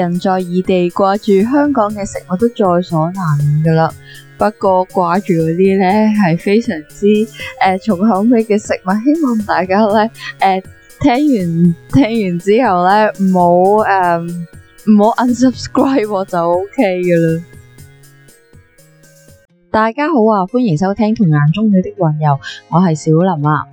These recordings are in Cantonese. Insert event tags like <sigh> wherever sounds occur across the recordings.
人在異地掛住香港嘅食物都在所難免噶啦。不過掛住嗰啲咧係非常之誒重口味嘅食物，希望大家咧誒聽完聽完之後咧唔好誒唔好 unsubscribe 我就 OK 噶啦。大家好啊，歡迎收聽《童顏中女的雲遊》，我係小林啊。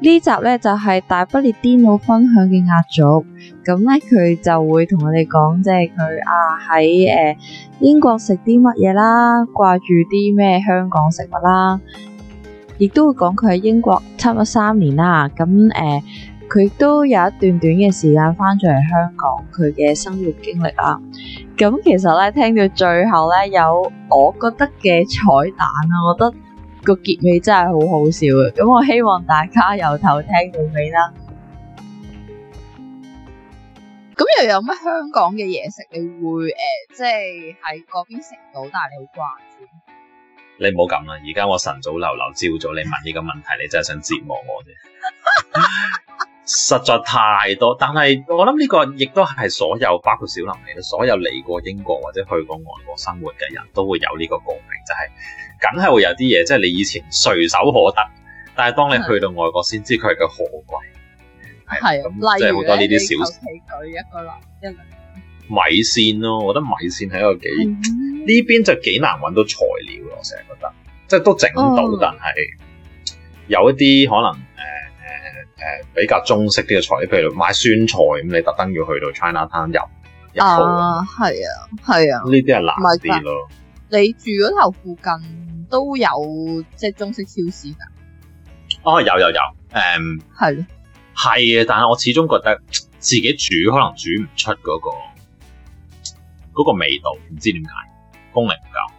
呢集呢，就係、是、大不列癲佬分享嘅壓軸，咁咧佢就會同我哋講，即係佢啊喺、呃、英國食啲乜嘢啦，掛住啲咩香港食物啦，亦、啊、都會講佢喺英國差唔多三年啦，咁誒佢都有一段短嘅時間返咗嚟香港，佢嘅生活經歷啦，咁、啊、其實呢，聽到最後呢，有我覺得嘅彩蛋啊，我覺得。個結尾真係好好笑嘅，咁我希望大家由頭聽到尾啦。咁又有乜香港嘅嘢食，你會誒，即係喺嗰邊食唔到，但係你好掛住。你唔好咁啦，而家我晨早流流朝早你問呢個問題，你真係想折磨我啫。實在太多，但係我諗呢個亦都係所有包括小林你，所有嚟過英國或者去過外國生活嘅人都會有呢個共鳴。就係、是，梗係會有啲嘢，即係你以前隨手可得，但係當你去到外國先知佢係幾何貴。係，咁即係好多呢啲小。舉一個例，一個例子，米線咯、啊，我覺得米線喺個幾呢、嗯、邊就幾難揾到材料咯，成日覺得，即係都整到，嗯、但係有一啲可能誒誒誒比較中式啲嘅材料，譬如買酸菜咁，你特登要去到 China Town 入、嗯嗯、入去。啊，係啊，呢啲係難啲咯。你住嗰頭附近都有即係中式超市噶？哦，有有有，誒，係咯，係啊，但係我始終覺得自己煮可能煮唔出嗰個嗰個味道，唔知點解，功力唔夠。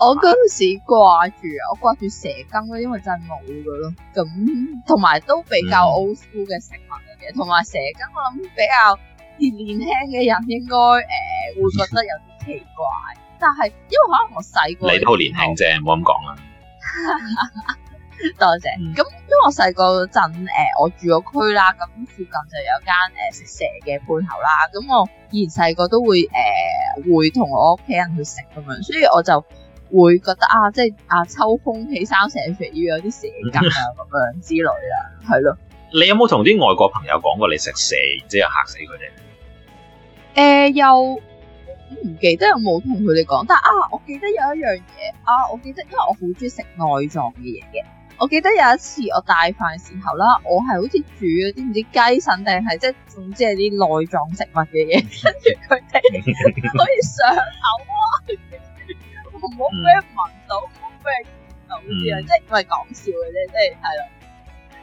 我嗰陣時掛住啊，我掛住蛇羹咯，因為真係冇噶咯，咁同埋都比較 Old School 嘅食物嚟嘅，同埋蛇羹我諗比較年年輕嘅人應該誒會覺得有啲奇怪，但係因為可能我細個，你都好年輕啫，唔好咁講啦。多謝。咁因為我細個嗰陣誒，我住個區啦，咁附近就有間誒食蛇嘅鋪頭啦。咁我以前細個都會誒會同我屋企人去食咁樣，所以我就會覺得啊，即係啊秋風起三蛇肥要有啲蛇羹啊咁樣之類啊，係咯。你有冇同啲外國朋友講過你食蛇，即係嚇死佢哋？誒、呃，又唔記得有冇同佢哋講，但啊，我記得有一樣嘢啊，我記得因為我好中意食內臟嘅嘢嘅，我記得有一次我帶飯嘅時候啦，我係好似煮嗰啲唔知雞腎定係即係總之係啲內臟食物嘅嘢，跟住佢哋可以上口啊，唔好俾人聞到，唔好俾人聞到啲啊，即係唔係講笑嘅啫，即係係啦。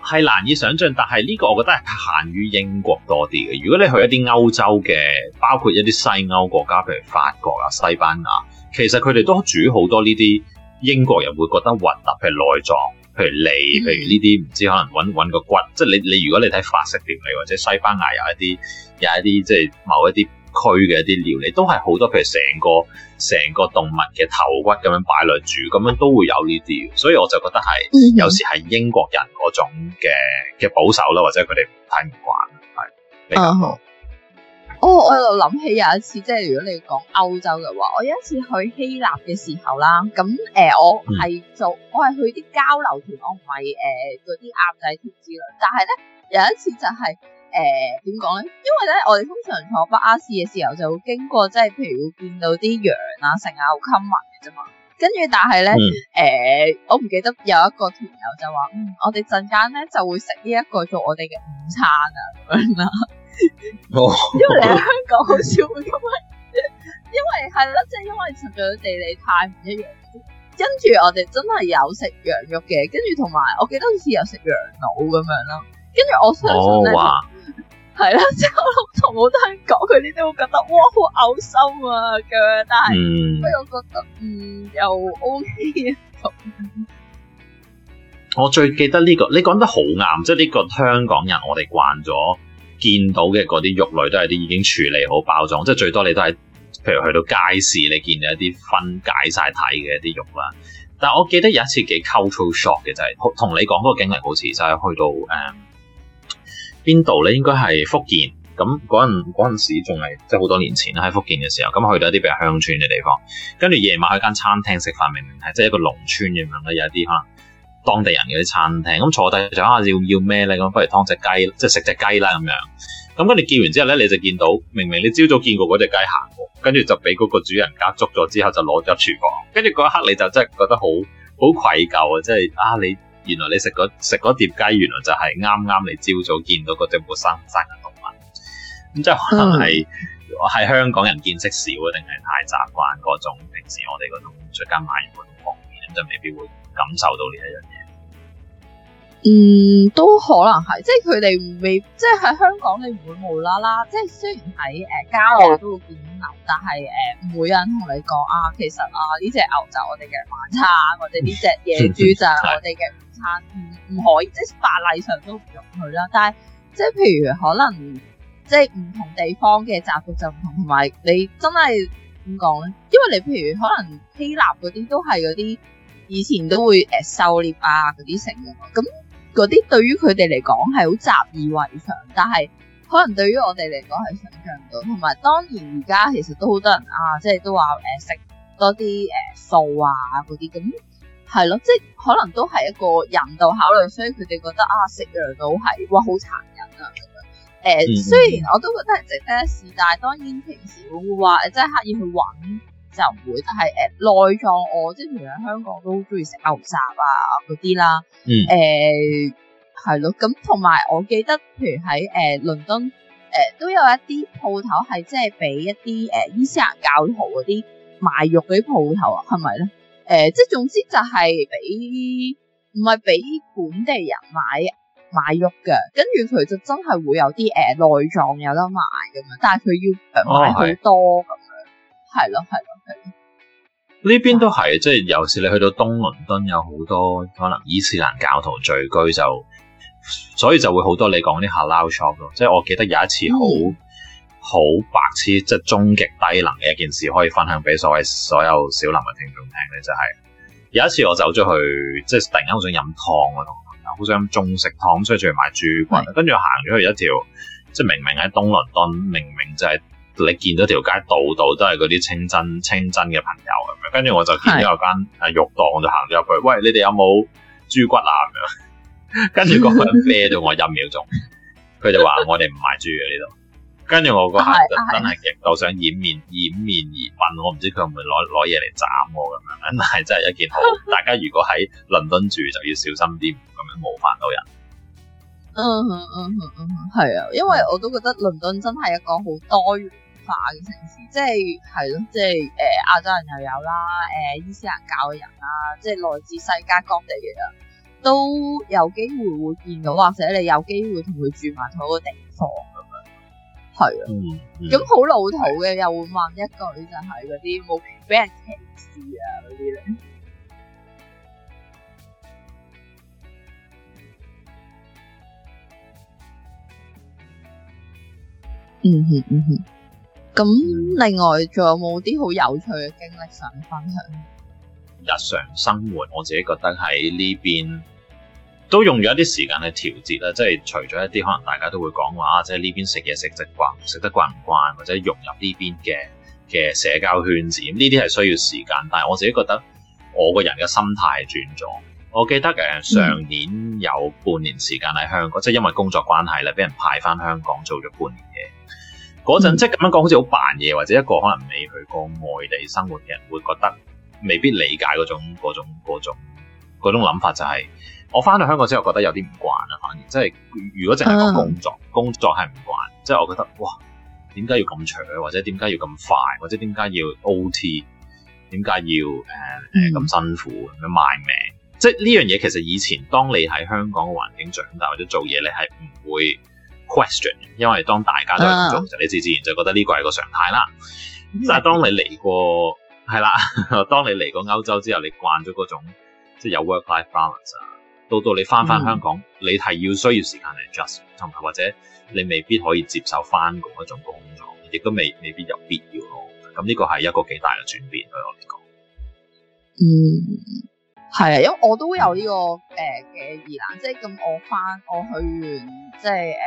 係難以想像，但係呢個我覺得係限於英國多啲嘅。如果你去一啲歐洲嘅，包括一啲西歐國家，譬如法國啊、西班牙，其實佢哋都煮好多呢啲英國人會覺得核突，譬如內臟，譬如你，譬如呢啲唔知可能揾揾個骨。即係你你如果你睇法式料理或者西班牙有一啲有一啲即係某一啲區嘅一啲料理都係好多，譬如成個成個動物嘅頭骨咁樣擺嚟住，咁樣都會有呢啲，所以我就覺得係、嗯、有時係英國人嗰種嘅嘅保守啦，或者佢哋睇唔慣，係比較多。好啊、好哦，我又諗起有一次，即係如果你講歐洲嘅話，我有一次去希臘嘅時候啦，咁誒、呃，我係做、嗯、我係去啲交流團，我唔係誒啲鴨仔團之類，但係咧有一次就係、是。誒點講咧？因為咧，我哋通常坐巴士嘅時候就會經過，即係譬如會見到啲羊啊，成牛羣埋嘅啫嘛。跟住，但係咧，誒、呃，我唔記得有一個團友就話：嗯，我哋陣間咧就會食呢一個做我哋嘅午餐啊咁樣啦。因為你喺香港好少會咁樣，因為係啦，即係因為實在地理太唔一樣。跟住我哋真係有食羊肉嘅，跟住同埋我記得好似有食羊腦咁樣啦。跟住我相信咧。哦係啦，之後我同我都係講佢啲都覺得哇好嘔心啊咁但係不過覺得唔又 OK。我最記得呢、呢個你講得好啱，即係呢個香港人我，我哋慣咗見到嘅嗰啲肉類都係啲已經處理好包裝，即係最多你都係譬如去到街市，你見到一啲分解晒睇嘅一啲肉啦。但我記得有一次幾 culture shock 嘅就係、是、同你講嗰個經歷，好似就係去到誒。嗯邊度咧？應該係福建咁嗰陣，嗰陣時仲係即係好多年前啦，喺福建嘅時候咁去到一啲比較鄉村嘅地方，跟住夜晚去間餐廳食飯，明明係即係一個農村咁樣咧，有一啲可能當地人嘅啲餐廳咁坐低就下、啊、要要咩咧？咁不如劏隻雞，即係食隻雞啦咁樣。咁跟住見完之後咧，你就見到明明你朝早見過嗰隻雞行過，跟住就俾嗰個主人家捉咗之後就攞咗入廚房，跟住嗰一刻你就真係覺得好好愧疚啊！即係啊你。原來你食嗰食碟雞，原來就係啱啱你朝早見到嗰隻活生生嘅動物，咁即係可能係係的香港人見識少啊，定係太習慣嗰種平時我哋嗰種出街買嘢方面，即係未必會感受到呢一樣嘢。嗯，都可能係即係佢哋唔會即係喺香港你唔會無啦啦，即係雖然喺誒郊外都會見牛，但係誒、嗯、每個人同你講啊，其實啊呢隻、這個、牛就我哋嘅晚餐，或者呢隻野豬就我哋嘅。唔唔可以，即係法例上都唔容許啦。但係即係譬如可能即係唔同地方嘅習俗就唔同，同埋你真係點講咧？因為你譬如可能希臘嗰啲都係嗰啲以前都會誒狩獵啊嗰啲成嘅，咁嗰啲對於佢哋嚟講係好習以為常，但係可能對於我哋嚟講係想象唔到。同埋當然而家其實都好多人啊，即係都話誒食多啲誒素啊嗰啲咁。係咯，即係可能都係一個人道考慮，所以佢哋覺得啊，食羊肚係哇好殘忍啊咁樣。誒、呃，嗯、雖然我都覺得值得一試，但係當然平時會唔會話即係刻意去揾就唔會。但係誒、呃、內臟我，我即係譬如喺香港都好中意食牛雜啊嗰啲啦。誒係咯，咁同埋我記得，譬如喺誒、呃、倫敦誒、呃、都有一啲鋪頭係即係俾一啲誒伊斯蘭教徒嗰啲賣肉嗰啲鋪頭啊，係咪咧？誒、呃，即係總之就係俾唔係俾本地人買買肉嘅，跟住佢就真係會有啲誒內臟有得賣咁、哦、樣，但係佢要買好多咁樣，係咯係咯係。呢邊都係，即係有時你去到東倫敦有好多可能伊斯蘭教徒聚居就，所以就會好多你講啲下撈 shop 咯，即係我記得有一次好。嗯好白痴，即係終極低能嘅一件事，可以分享俾所謂所有小林嘅聽眾聽咧，就係、是、有一次我走咗去，即係突然間好想飲湯啊，同朋友好想飲中式湯，所以仲要買豬骨，是跟住行咗去一條，即係明明喺東倫敦，明明就係你見到條街度度都係嗰啲清真、清真嘅朋友咁樣，跟住我就見到有間啊肉檔，是我就行咗入去，喂，你哋有冇豬骨啊咁樣， <laughs> 跟住嗰個人啤到我一秒鐘，佢就話我哋唔賣豬嘅呢度。跟住我個客就真係極度想掩面掩面而問，我唔知佢會唔會攞攞嘢嚟斬我咁樣， <noise> <noise> 但係真係一件好大家如果喺倫敦住就要小心啲，咁樣冒犯到人。嗯嗯嗯嗯嗯，係、嗯、啊，因為我都覺得倫敦真係一個好多元化嘅城市，即係係咯，即係誒亞洲人又有啦，誒伊斯蘭教嘅人啦，即係來自世界各地嘅人都有機會會見到，或者你有機會同佢住埋同一個地方。係啊，咁好老土嘅，又會問一句就係嗰啲冇俾人歧視啊嗰啲咧。嗯哼嗯哼，咁另外仲有冇啲好有趣嘅經歷想分享？日常生活我自己覺得喺呢邊。都用咗一啲時間去調節啦，即係除咗一啲可能大家都會講話啊，即係呢邊食嘢食習慣，食得慣唔慣，或者融入呢邊嘅嘅社交圈子，呢啲係需要時間。但係我自己覺得我個人嘅心態轉咗。我記得誒上年有半年時間喺香港，嗯、即係因為工作關係咧，俾人派翻香港做咗半年嘢嗰陣，嗯、即係咁樣講好似好扮嘢，或者一個可能未去過外地生活嘅人會覺得未必理解嗰種嗰種嗰種諗法，就係，就係。我翻到香港之後，覺得有啲唔慣啊。反而即係如果淨係講工作，嗯、工作係唔慣。即係我覺得哇，點解要咁長，或者點解要咁快，或者點解要 OT，點解要誒誒咁辛苦咁樣賣命？即係呢樣嘢其實以前當你喺香港嘅環境長大或者做嘢，你係唔會 question 嘅，因為當大家都係咁做嘅時候你自自然就覺得呢個係個常態啦。嗯、但係當你嚟過係啦，當你嚟過歐洲之後，你慣咗嗰種即係有 work-life balance 啊。到到你翻翻香港，嗯、你係要需要時間嚟 adjust 同埋或者你未必可以接受翻嗰一種工作，亦都未未必有必要咯。咁呢個係一個幾大嘅轉變對我嚟講。嗯，係啊，因為我都有呢、這個誒嘅疑難，即係咁我翻我去完即係誒、呃、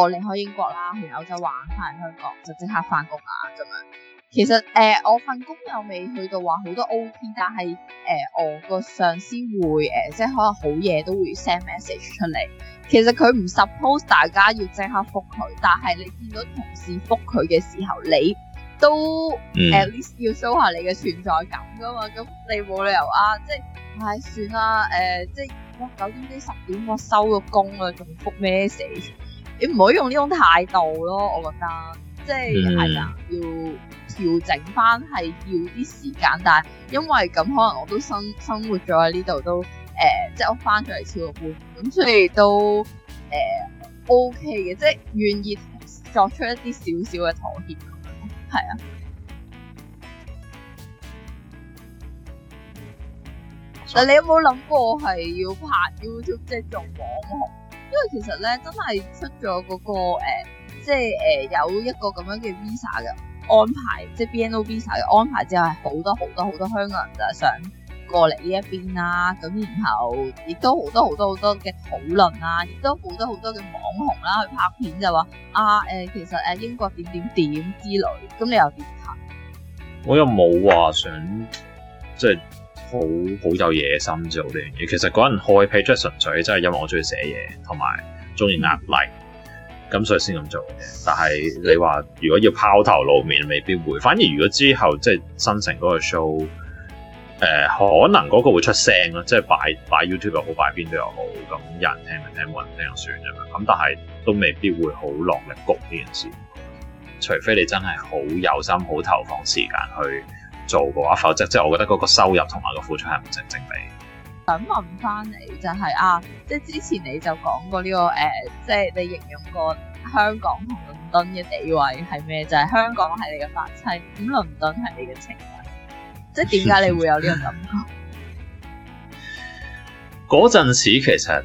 我離開英國啦，去歐洲玩翻嚟香港就即刻翻工啊，咁樣。其實誒、呃，我份工又未去到話好多 OT，但係誒、呃，我個上司會誒、呃，即係可能好夜都會 send message 出嚟。其實佢唔 suppose 大家要即刻覆佢，但係你見到同事覆佢嘅時候，你都 at least、嗯、要 show 下你嘅存在感㗎嘛。咁你冇理由啊，即係唉、哎、算啦誒、呃，即係九點幾十點我收咗工啦，仲覆 message？你唔可以用呢種態度咯，我覺得即係係啊，嗯、係係要。調整翻係要啲時間，但係因為咁，可能我都生生活咗喺呢度都，誒，即係我翻咗嚟超過半，咁所以都誒 OK 嘅，即係願意作出一啲少少嘅妥協。係啊，但，你有冇諗過係要拍 YouTube 即係做網紅？因為其實咧真係出咗嗰個，誒，即係誒有一個咁樣嘅 Visa 㗎。安排即係 BNO visa 嘅安排之後，係好多好多好多香港人就係想過嚟呢一邊啦，咁然後亦都好多好多好多嘅討論啦，亦都好多好多嘅網紅啦去拍片就話啊誒、呃，其實誒英國點點點之類，咁你又點睇？我又冇話想即係好好有野心做啲嘢，其實嗰陣開鋪即係純粹，真係因為我中意寫嘢同埋中意壓力。咁、嗯、所以先咁做嘅，但係你話如果要拋頭露面，未必會。反而如果之後即係、就是、新城嗰個 show，誒、呃、可能嗰個會出聲咯，即、就、係、是、擺擺 YouTube 又好，擺邊度又好，咁有人聽咪聽，冇人聽就算啫嘛。咁但係都未必會好落力焗呢件事，除非你真係好有心，好投放時間去做嘅話，否則即係、就是、我覺得嗰個收入同埋個付出係唔成正比。等問翻你就係、是、啊，即係之前你就講過呢、這個誒、呃，即係你形容過香港同倫敦嘅地位係咩？就係、是、香港係你嘅髮妻，咁倫敦係你嘅情人，即係點解你會有呢個感覺？嗰陣 <laughs> 時其實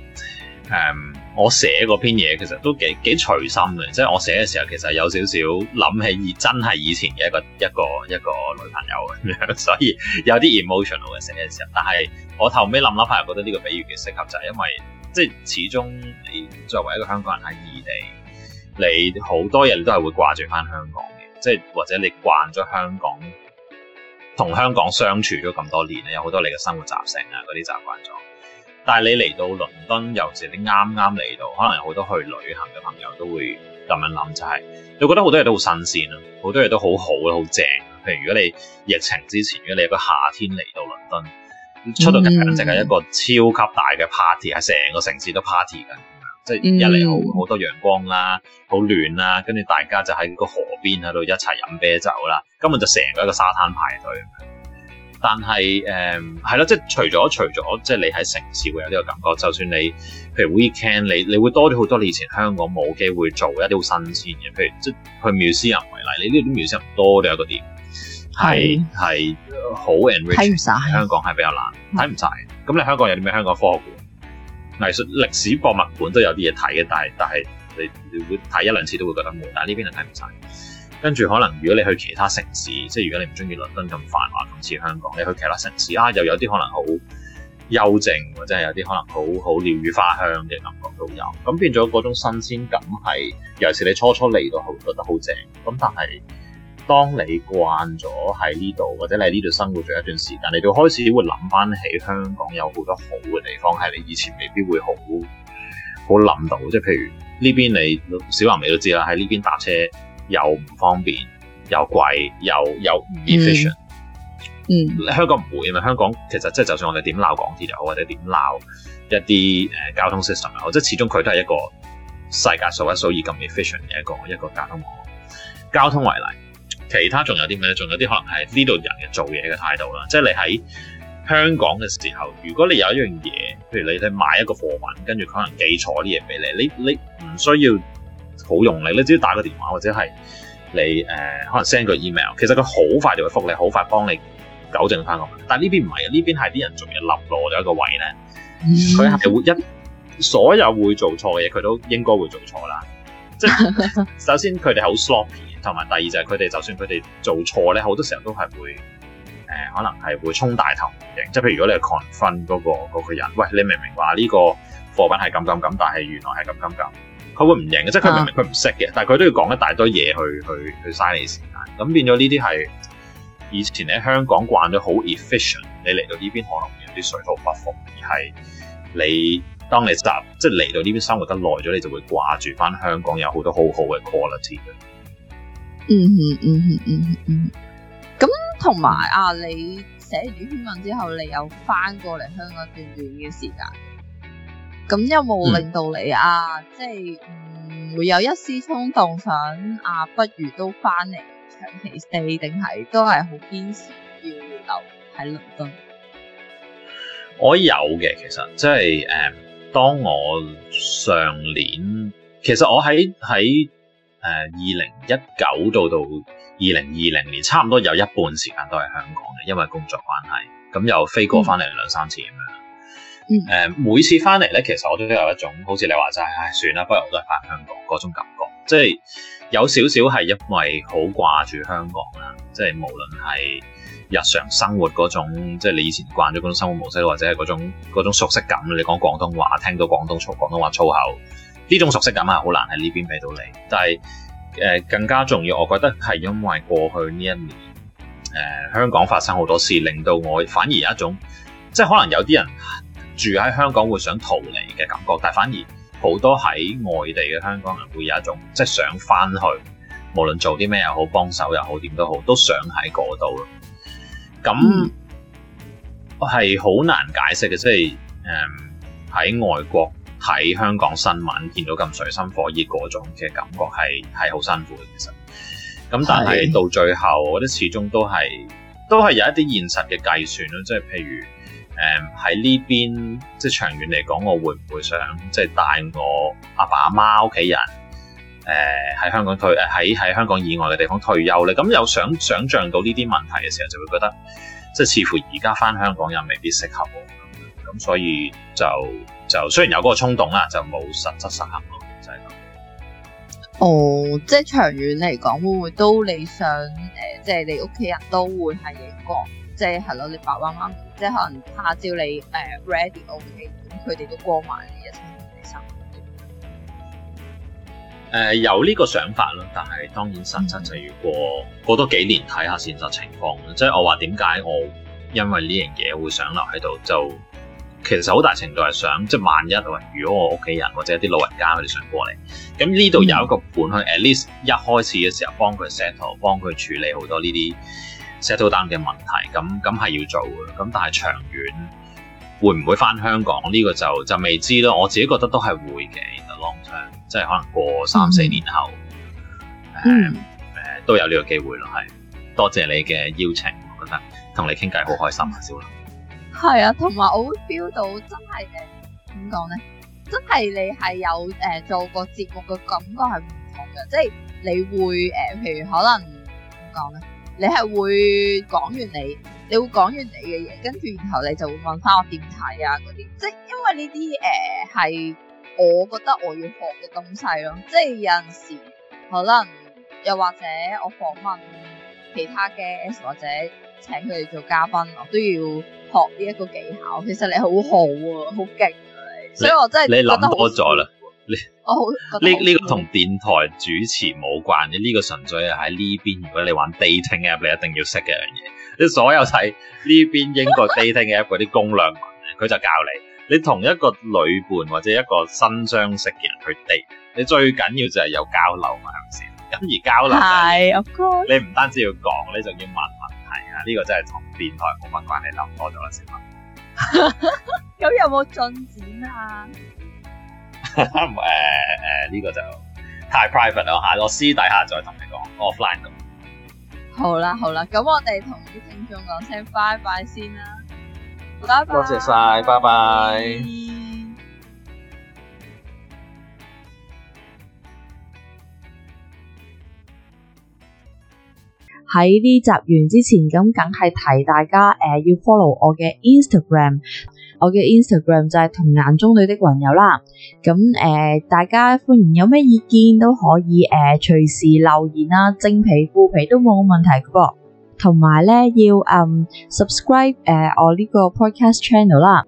誒。Um 我寫嗰篇嘢其實都幾幾隨心嘅，即係我寫嘅時候其實有少少諗起真係以前嘅一個一個一個女朋友咁樣，所以有啲 emotional 嘅寫嘅時候。但係我頭尾諗諗下又覺得呢個比喻幾適合，就係因為即係始終你作為一個香港人喺異地，你好多人都係會掛住翻香港嘅，即係或者你慣咗香港同香港相處咗咁多年有好多你嘅生活習性啊嗰啲習慣咗。但係你嚟到倫敦，有時你啱啱嚟到，可能好多去旅行嘅朋友都會咁樣諗，就係、是、你覺得多多好多嘢都好新鮮咯，好多嘢都好好咯，好正。譬如如果你疫情之前，如果你有個夏天嚟到倫敦，出到街咧，就係一個超級大嘅 party，喺成、嗯、個城市都 party 緊。即係一嚟好好多陽光啦，好暖啦，跟住大家就喺個河邊喺度一齊飲啤酒啦。根本就成個一個沙灘排隊。但係誒係咯，即係除咗除咗，即係你喺城市會有呢個感覺。就算你譬如 weekend，你你會多咗好多你以前香港冇機會做一啲好新鮮嘅。譬如即係去 museum 為例，你呢啲 museum 多到有個點，係係好 enriching。睇唔晒，係。香港係比較難睇唔晒。咁、嗯、你香港有啲咩？香港科學館、藝術歷史博物館都有啲嘢睇嘅，但係但係你你會睇一兩次都會覺得悶，嗯、但係呢邊係睇唔晒。跟住可能，如果你去其他城市，即係如果你唔中意倫敦咁繁華，咁似香港，你去其他城市啊，又有啲可能好幽靜，或者係有啲可能好好鳥語花香嘅感覺都有。咁變咗嗰種新鮮感係，尤其是你初初嚟到好覺得好正。咁但係當你慣咗喺呢度，或者你喺呢度生活咗一段時間，你就開始會諗翻起香港有好多好嘅地方係你以前未必會好好諗到，即係譬如呢邊你小華你都知啦，喺呢邊搭車。又唔方便，又貴，又又唔 efficient。嗯，嗯，香港唔會，因為香港其實即係就算我哋點鬧港鐵又好，或者點鬧一啲誒、呃、交通 system 又好，即係始終佢都係一個世界數一數二咁 efficient 嘅一個一個交通網絡。交通為例，其他仲有啲咩咧？仲有啲可能係呢度人嘅做嘢嘅態度啦。即係你喺香港嘅時候，如果你有一樣嘢，譬如你去買一個貨品，跟住佢可能寄錯啲嘢俾你，你你唔需要。好用你，你只要打個電話或者係你誒、呃，可能 send 個 email，其實佢好快就會覆你，好快幫你糾正翻個問題。但呢邊唔係，呢邊係啲人仲要冧落咗一個位咧。佢係、嗯、會一所有會做錯嘅嘢，佢都應該會做錯啦。即係首先佢哋好 sloppy 同埋第二就係佢哋就算佢哋做錯咧，好多時候都係會誒、呃，可能係會衝大頭型。即係譬如如果你係 confirm 嗰、嗰個、嗰個人，喂，你明唔明話呢個貨品係咁咁咁，但係原來係咁咁咁。佢會唔認嘅，即係佢明明佢唔識嘅，uh. 但係佢都要講一大堆嘢去去去嘥你時間。咁變咗呢啲係以前喺香港慣咗好 efficient，你嚟到呢邊可能有啲水土不服，而係你當你集即係嚟到呢邊生活得耐咗，你就會掛住翻香港有好多好好嘅 quality 嘅。嗯哼嗯嗯嗯，咁同埋啊，你寫完圈文之後，你又翻過嚟香港段段嘅時間。咁有冇令到你、嗯、啊？即係嗯，會有一絲衝動想啊，不如都翻嚟長期 stay，定係都係好堅持要留喺倫敦？我有嘅，其實即係誒、嗯，當我上年，其實我喺喺誒二零一九到到二零二零年，差唔多有一半時間都喺香港嘅，因為工作關係，咁又飛過翻嚟兩、嗯、兩三次咁樣。嗯、每次翻嚟呢，其實我都有一種好似你話齋，唉，算啦，不如我都係翻香港嗰種感覺，即係有少少係因為好掛住香港啦，即係無論係日常生活嗰種，即係你以前慣咗嗰種生活模式，或者係嗰種，嗰種熟悉感。你講廣東話，聽到廣東粗廣東話粗口，呢種熟悉感係好難喺呢邊俾到你。但係、呃、更加重要，我覺得係因為過去呢一年、呃、香港發生好多事，令到我反而有一種即係可能有啲人。住喺香港會想逃離嘅感覺，但反而好多喺外地嘅香港人會有一種即係想翻去，無論做啲咩又好，幫手又好，點都好，都想喺嗰度咯。咁係好難解釋嘅，即係誒喺外國睇香港新聞，見到咁水深火熱嗰種嘅感覺係係好辛苦嘅。其實咁，但係是到最後，我覺得始終都係都係有一啲現實嘅計算咯，即係譬如。誒喺呢邊，即係長遠嚟講，我會唔會想即係帶我阿爸阿媽屋企人誒喺、呃、香港退誒喺喺香港以外嘅地方退休咧？咁有想想像到呢啲問題嘅時候，就會覺得即係似乎而家返香港又未必適合我，咁、嗯、所以就就雖然有嗰個衝動啦，就冇實質實行咯，就係、是、咁。哦，即係長遠嚟講，會唔會都你想誒，即係你屋企人都會係英國？ <noise> 即係係咯，你白話啱，即係可能拍照你誒 ready OK，咁佢哋都過埋嚟一齊生活。有呢個想法咯，但係當然實質就要過過多幾年睇下現實情況，即係我話點解我因為呢樣嘢會想留喺度，就其實好大程度係想即係萬一喂，如果我屋企人或者一啲老人家佢哋想過嚟，咁呢度有一個盤去 at least 一開始嘅時候幫佢 settle，幫佢處理好多呢啲。settle down 嘅問題，咁咁係要做嘅，咁但係長遠會唔會返香港呢、呢個就就未知啦。我自己覺得都係會嘅，long term，即係可能過三、嗯、四年後，誒、呃、誒、嗯、都有呢個機會咯。係，多謝你嘅邀請，我覺得同你傾偈好開心啊，小林。係啊，同埋我 feel 到真係誒點講咧，真係你係有誒、呃、做過節目嘅感覺係唔同嘅，即、就、係、是、你會誒、呃，譬如可能點講咧？你係會講完你，你會講完你嘅嘢，跟住然後你就會問翻我點睇啊嗰啲，即係因為呢啲誒係我覺得我要學嘅東西咯、啊，即係有陣時可能又或者我訪問其他嘅 guest 或者請佢哋做嘉賓，我都要學呢一個技巧。其實你好好啊，好勁啊你，所以我真係你諗多咗啦。呢呢、這個同、這個、電台主持冇關嘅，呢、這個純粹係喺呢邊如果你玩 dating app 你一定要識嘅一樣嘢。你所有睇呢邊英國 dating app 嗰啲攻略文佢 <laughs> 就教你。你同一個女伴或者一個新相識嘅人去 date，你最緊要就係有交流係咪先？咁而交流係， <laughs> 你唔單止要講，你仲要問問題啊！呢、這個真係同電台冇乜關係，你諗多咗啦，小文。咁有冇進展啊？誒誒，呢個就太 private 啦吓，我私底下再同你講，offline 咁。好啦好啦，咁我哋同啲聽眾講聲拜拜先啦，多謝晒，拜拜。喺呢集完之前，咁梗係提大家誒，要 follow 我嘅 Instagram。我嘅 Instagram 就係同顏中女的朋友啦，咁、呃、大家歡迎，有咩意見都可以誒、呃，隨時留言啦，正皮負皮都冇問題噶噃，同埋呢，要誒、嗯、subscribe、呃、我呢個 podcast channel 啦。